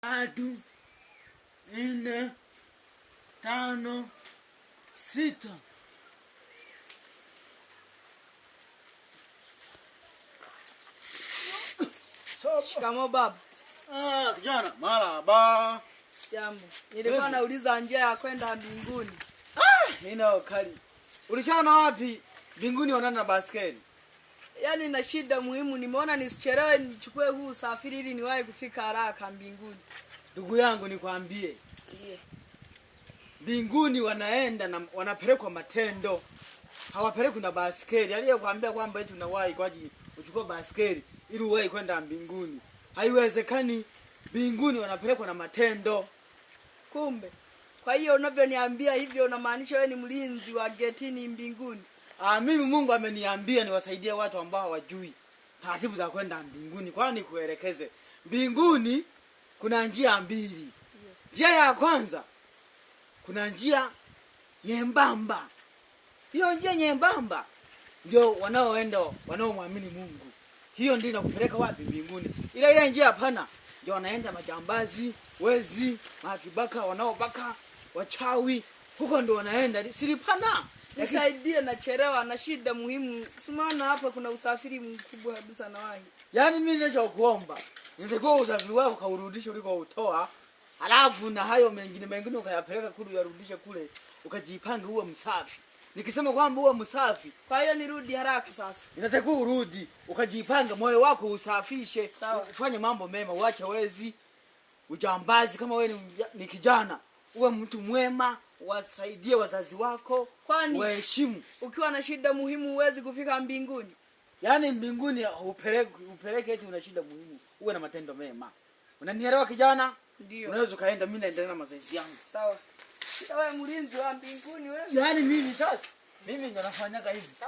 tatu, nne, tano, sita. Shikamo baba. Ah, kijana, marhaba. Jambo. Nilikuwa nauliza njia ya kwenda mbinguni. Ah, nina ukali. Ulishaona wapi? Mbinguni wanana na baskeli yani na shida muhimu, nimeona nisichelewe, nichukue huu usafiri ili niwahi kufika haraka mbinguni. Ndugu yangu nikwambie, yeah. Mbinguni wanaenda na wanapelekwa matendo, hawapelekwi na basikeli. Aliyekwambia kwamba eti unawahi kwa ajili uchukue basikeli ili uwahi kwenda mbinguni, haiwezekani. Mbinguni wanapelekwa na matendo. Kumbe kwa hiyo unavyoniambia hivyo, unamaanisha wewe ni mlinzi wa getini mbinguni? Ah, mimi Mungu ameniambia niwasaidie watu ambao hawajui taratibu za kwenda mbinguni. Kwa nini kuelekeze? Mbinguni kuna njia mbili. Njia ya kwanza kuna njia nyembamba. Hiyo njia nyembamba ndio wanaoenda wanaomwamini Mungu. Hiyo ndio inakupeleka wapi? Mbinguni. Ila ile njia hapana ndio wanaenda majambazi, wezi, makibaka, wanaobaka, wachawi. Huko ndio wanaenda. Silipana nisaidie, nachelewa na shida muhimu. Simaona hapa kuna usafiri mkubwa kabisa na wahi. Yaani mimi ninachokuomba, nilikuwa usafiri wako kaurudishe uliko utoa, halafu na hayo mengine mengine ukayapeleka kule uyarudishe kule, ukajipange uwe msafi. Nikisema kwamba uwe msafi, kwa hiyo nirudi haraka sasa. Inatakiwa urudi, ukajipanga moyo wako usafishe, ufanye mambo mema, uache wezi, ujambazi kama wewe ni, ni kijana uwe mtu mwema, wasaidie wazazi wako, waheshimu. Ukiwa na shida muhimu huwezi kufika mbinguni, yaani mbinguni upeleke, upeleke eti una shida muhimu. Uwe na matendo mema, unanielewa kijana? Ndio, unaweza ukaenda. Mimi naendelea na mazoezi yangu, sawa? mlinzi wa mbinguni wewe, yaani mimi sasa, mimi ndo nafanyaga hivi.